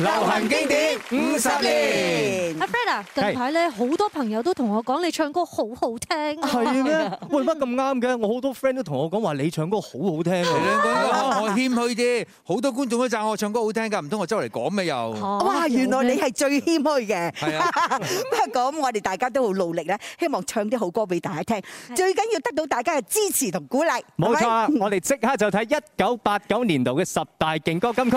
流行經典五十年，阿 Fred 啊，近排咧好多朋友都同我講你唱歌好好聽，係咩？會乜咁啱嘅？我好多 friend 都同我講話你唱歌好好聽，我謙虛啲，好多觀眾都讚我唱歌好聽㗎，唔通我周圍嚟講咩又？哇！原來你係最謙虛嘅。不過咁，我哋大家都好努力咧，希望唱啲好歌俾大家聽，最緊要得到大家嘅支持同鼓勵。冇錯，我哋即刻就睇一九八九年度嘅十大勁歌金曲。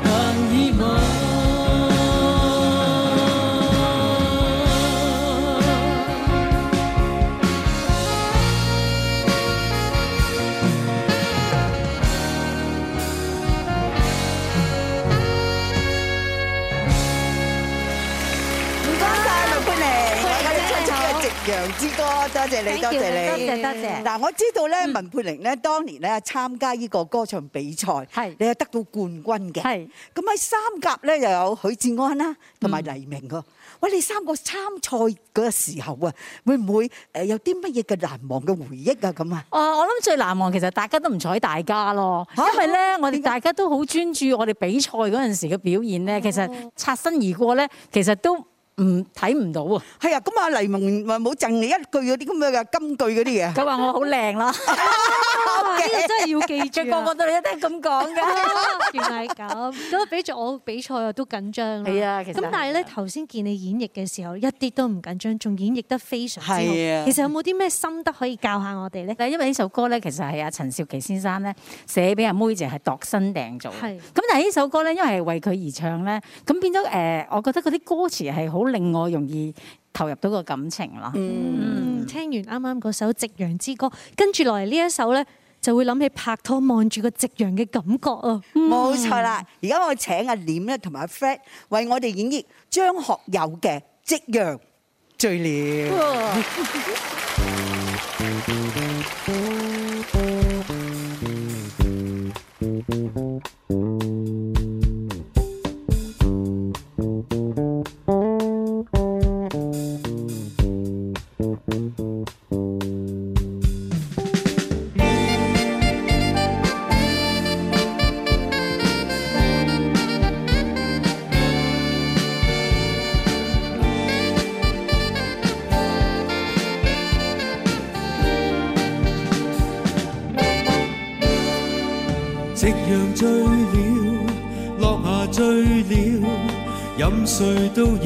楊之歌，多謝你，多謝你，多謝多謝。嗱，我知道咧，文佩玲咧當年咧參加呢個歌唱比賽，係你係得到冠軍嘅。係咁喺三甲咧又有許志安啦，同埋黎明噶。喂，你三個參賽嗰時候啊，會唔會誒有啲乜嘢嘅難忘嘅回憶啊？咁啊？啊，我諗最難忘其實大家都唔睬大家咯，因為咧我哋大家都好專注我哋比賽嗰陣時嘅表現咧，其實擦身而過咧，其實都。唔睇唔到喎，係啊，咁啊，黎明話冇贈你一句啲咁嘅金句啲嘢。佢話我好靚啦。 呢個真係要記住，啊，個 個都你一係咁講嘅。原來咁，咁俾住我比賽我都緊張咯。係啊，其實咁但係咧，頭先見你演繹嘅時候，一啲都唔緊張，仲演繹得非常之好。是的 其實有冇啲咩心得可以教下我哋咧？嗱是的，因為呢首歌咧，其實係阿陳少琪先生咧寫俾阿妹姐係度身訂做。咁但係呢首歌咧，因為係為佢而唱咧，咁變咗誒、呃，我覺得嗰啲歌詞係好令我容易投入到個感情咯。嗯，聽完啱啱嗰首《夕陽之歌》，跟住落嚟呢一首咧。就會諗起拍拖望住個夕陽嘅感覺啊，嗯，錯！冇錯啦，而家我請阿廉咧同埋阿 Fred 為我哋演繹張學友嘅夕陽醉了。啊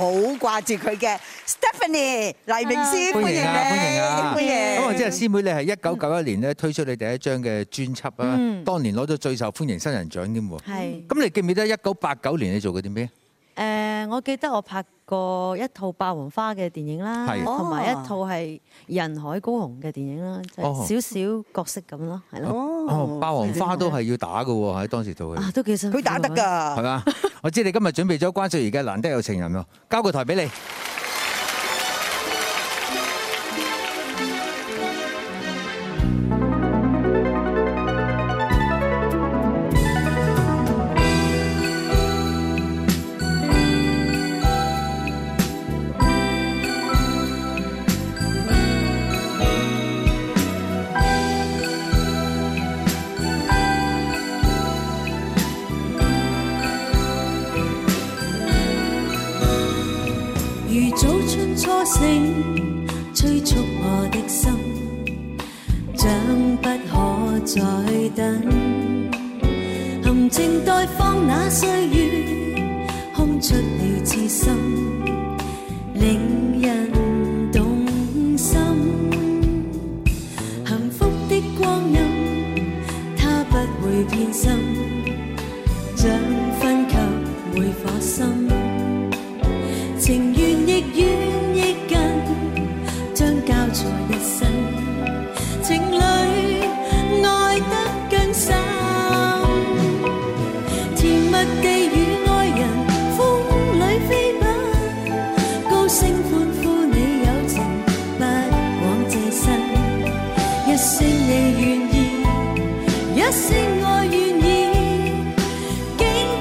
好掛住佢嘅 Stephanie 黎明詩師妹，歡迎啊歡迎啊！咁我知啊師妹你係一九九一年咧推出你第一張嘅專輯啊，嗯、當年攞咗最受歡迎新人獎添喎。咁是你記唔記得一九八九年你做過啲咩？誒，我記得我拍過一套《霸王花》嘅電影啦，同埋一套係《人海孤鴻》嘅電影啦，就係少少角色咁咯，係咯。霸王花都係要打嘅喎，喺當時做嘅。都幾辛苦。佢打得㗎，係嘛？我知你今日準備咗關淑怡，而家難得有情人喎，交個台俾你。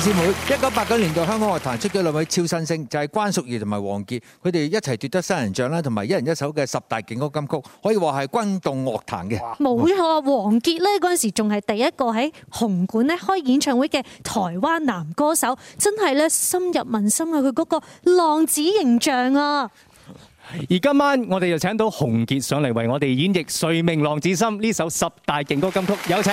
師妹，一九八九年度香港樂壇出咗兩位超新星，就係關淑怡同埋王傑，佢哋一齊奪得新人獎啦，同埋一人一首嘅十大勁歌金曲，可以話係轟動樂壇嘅。冇錯，王傑呢嗰陣時仲係第一個喺紅館呢開演唱會嘅台灣男歌手，真係呢深入民心啊！佢嗰個浪子形象啊！而今晚我哋又請到洪杰上嚟為我哋演繹《誰明浪子心》呢首十大勁歌金曲，有請。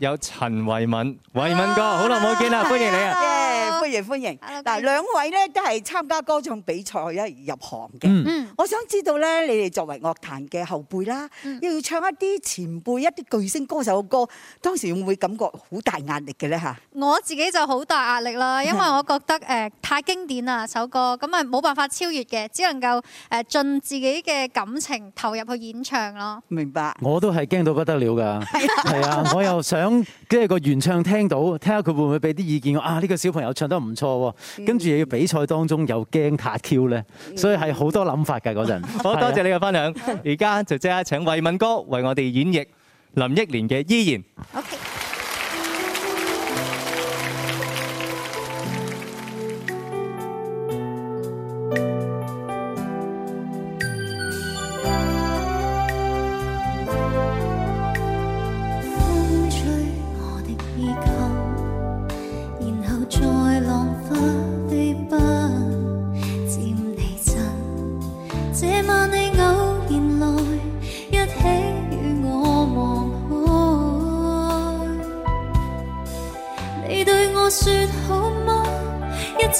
有陳慧敏，慧敏哥，好耐冇見啦，Hello. 歡迎你啊！Yeah. 歡迎。嗱，兩位咧都係參加歌唱比賽而入行嘅。嗯，我想知道咧，你哋作為樂壇嘅後輩啦，嗯、要唱一啲前輩一啲巨星歌手嘅歌，當時會唔會感覺好大壓力嘅咧？嚇，我自己就好大壓力啦，因為我覺得誒太經典啦首歌，咁啊冇辦法超越嘅，只能夠誒盡自己嘅感情投入去演唱咯。明白。我都係驚到不得了㗎。係 啊，我又想即係個原唱聽到，睇下佢會唔會俾啲意見我啊？呢、呢個小朋友唱得唔～唔錯喎，跟住又要比賽當中又驚塔 Q 咧，所以係 好多諗法㗎嗰陣。好多謝你嘅分享，而家就即刻請惠敏哥為我哋演繹林憶蓮嘅《依然》。Okay.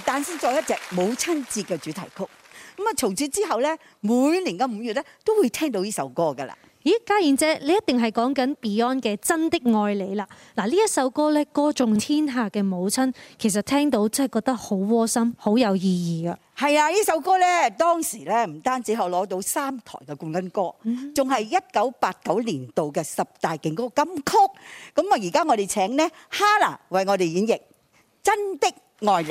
誕生咗一隻母親節嘅主題曲，咁啊，從此之後咧，每年嘅五月咧都會聽到呢首歌噶啦。咦，嘉燕姐，你一定係講緊 Beyond 嘅《真的愛你》啦。嗱，呢一首歌呢，歌頌天下嘅母親，其實聽到真係覺得好窩心，好有意義噶。係啊，呢首歌呢，當時呢唔單止係攞到三台嘅冠軍歌，仲係一九八九年度嘅十大勁歌金曲。咁啊，而家我哋請呢 Hana 為我哋演繹《真的愛你》。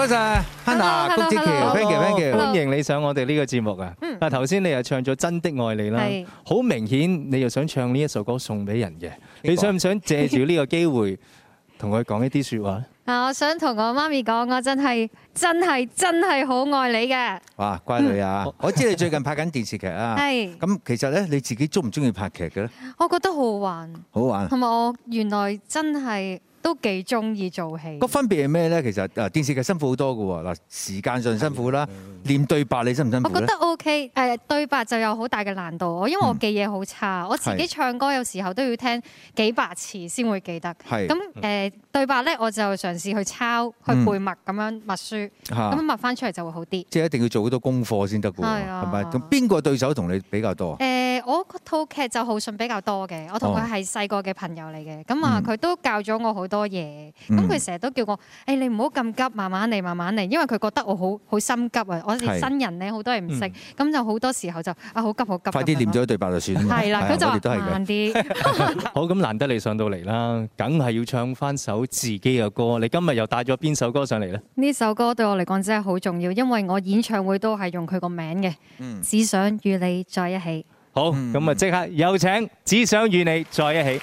多謝 Hannah 菊梓喬，Thank you, thank you，歡迎你上我哋呢個節目啊！嗱，頭先你又唱咗《真的愛你》啦，好明顯你又想唱呢一首歌送俾人嘅。你想唔想借住呢個機會同佢講一啲說話咧？啊，我想同我媽咪講，我真係真係真係好愛你嘅。哇，乖女啊！我知你最近拍緊電視劇啊。係。咁其實咧，你自己鍾唔鍾意拍劇嘅咧？我覺得好玩。好玩。同埋我原來真係。都幾中意做戲。個分別係咩咧？其實誒、啊、電視劇辛苦好多嘅喎，嗱時間上辛苦啦，練對白你辛唔辛，辛苦？我覺得 OK，誒、呃、對白就有好大嘅難度，我因為我記嘢好差，嗯、我自己唱歌有時候都要聽幾百次先會記得。咁誒的、呃、對白咧，我就嘗試去抄去背默咁，嗯、樣默書，咁默翻出嚟就會好啲，啊。即係一定要做好多功課先得嘅喎，係咪？咁邊個對手同你比較多？誒、呃、我套劇就好信比較多嘅，我同佢係細個嘅朋友嚟嘅，咁啊佢都教咗我好。多嘢，咁佢成日都叫我，誒，你唔好咁急，慢慢嚟，慢慢嚟，因為佢覺得我好好心急啊！我哋新人咧，好多嘢唔識，咁就好多時候就啊好急好急，快啲念咗對白就算啦。係啦，佢就慢啲。好，咁難得你上到嚟啦，梗係要唱翻首自己嘅歌。你今日又帶咗邊首歌上嚟呢？呢首歌對我嚟講真係好重要，因為我演唱會都係用佢個名嘅，《只想與你在一起》。好，咁啊即刻有請《只想與你在一起》。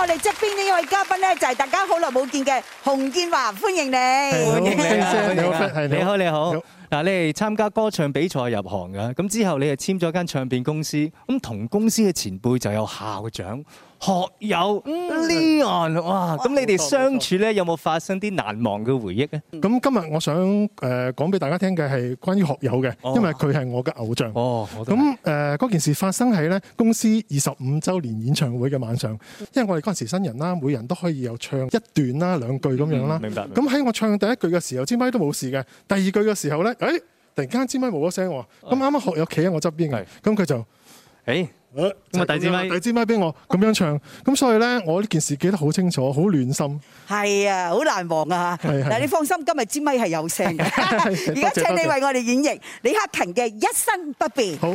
我哋側邊呢位嘉賓咧，就係大家好耐冇見嘅洪楗華，歡迎你。你好，先生，你好，你好，是的你好。嗱，你係參加歌唱比賽入行嘅，咁之後你係簽咗間唱片公司，咁同公司嘅前輩就有校長。學友 Leon，哇！咁你哋相處咧錯有冇發生啲難忘嘅回憶咧？咁今日我想誒講俾大家聽嘅係關於學友嘅，哦、因為佢係我嘅偶像。哦，咁嗰、呃、件事發生喺咧公司二十五週年演唱會嘅晚上，因為我哋嗰陣時新人啦，每人都可以有唱一段啦、兩句咁樣啦、嗯。明白。咁喺我唱第一句嘅時候，支咪都冇事嘅。第二句嘅時候咧，誒突然間支咪冇咗聲喎。咁啱啱學友企喺我側邊嘅，咁佢是就、欸咁啊，二支咪，第二支咪俾我，咁樣唱。咁所以咧，我呢件事記得好清楚，好暖心。係 啊，好難忘啊！嗱，是是 你放心，今日支咪係有聲。而家請你為我哋演繹李克勤嘅《一生不變》好。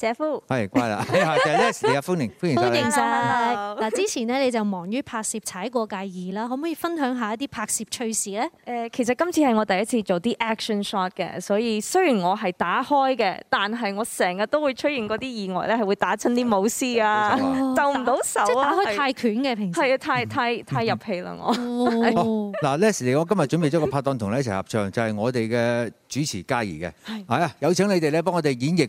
姐夫，係，乖啦。你好 Lesley 啊，歡迎，歡迎你，歡迎，歡嗱，之前呢，你就忙於拍攝《踩過界二》啦， 可唔可以分享一下一啲拍攝趣事咧？誒，其實今次係我第一次做啲 action shot 嘅，所以雖然我係打開嘅，但係我成日都會出現嗰啲意外咧，係會打親啲武師啊，鬥唔、啊、打到手即、啊、係打開泰拳嘅平時係啊，太太太入戲啦我。嗱 Les, S、oh, Lesley 我今日準備咗個拍檔同你一齊合唱，就係、是、我哋嘅主持嘉儀嘅。係啊的，有請你哋咧，幫我哋演繹。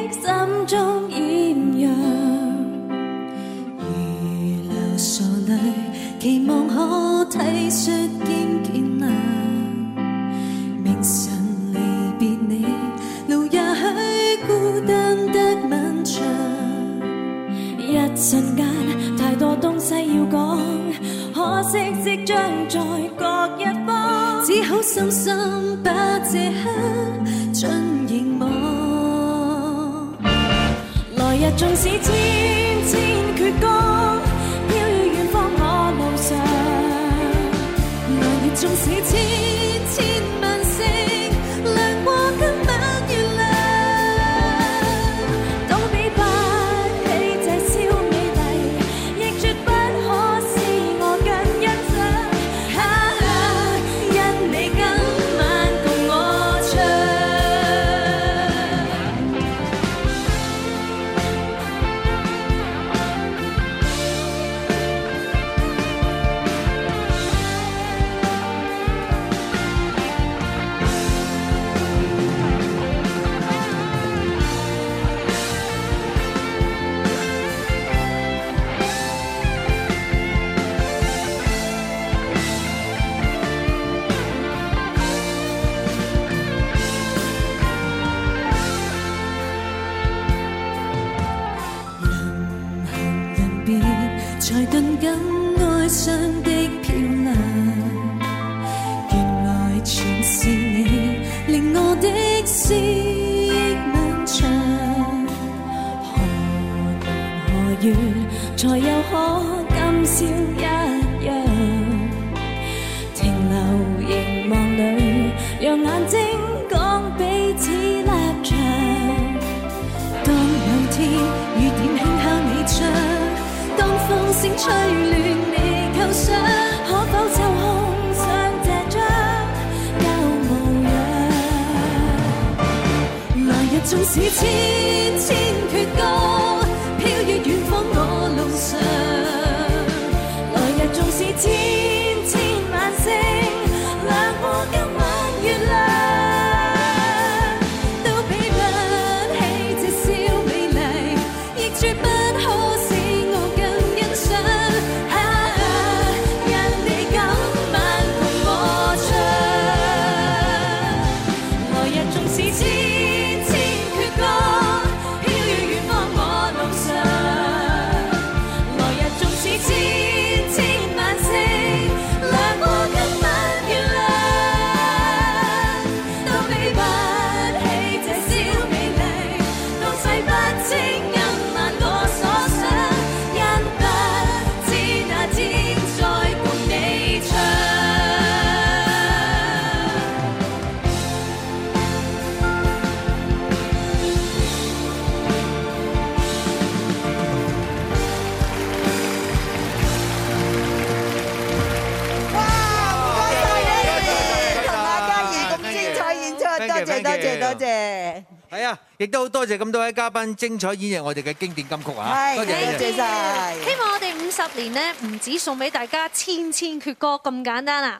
亦都好多謝咁多位嘉賓精彩演繹我哋嘅經典金曲啊！多謝，多謝晒。希望我哋五十年咧，唔止送俾大家千千闕歌咁簡單啦。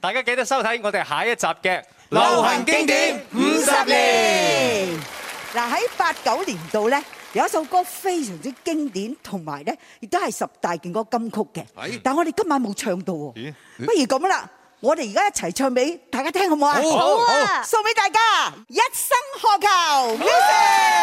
大家記得收睇我哋下一集嘅流行經典五十年。嗱，喺八九年度咧，有一首歌非常之經典，同埋咧亦都係十大勁歌金曲嘅。但係我哋今晚冇唱到喎。不如咁啦。我哋而家一齊唱俾大家聽好唔好？oh. 啊？好啊，好啊，送俾大家一生何求 music。Oh.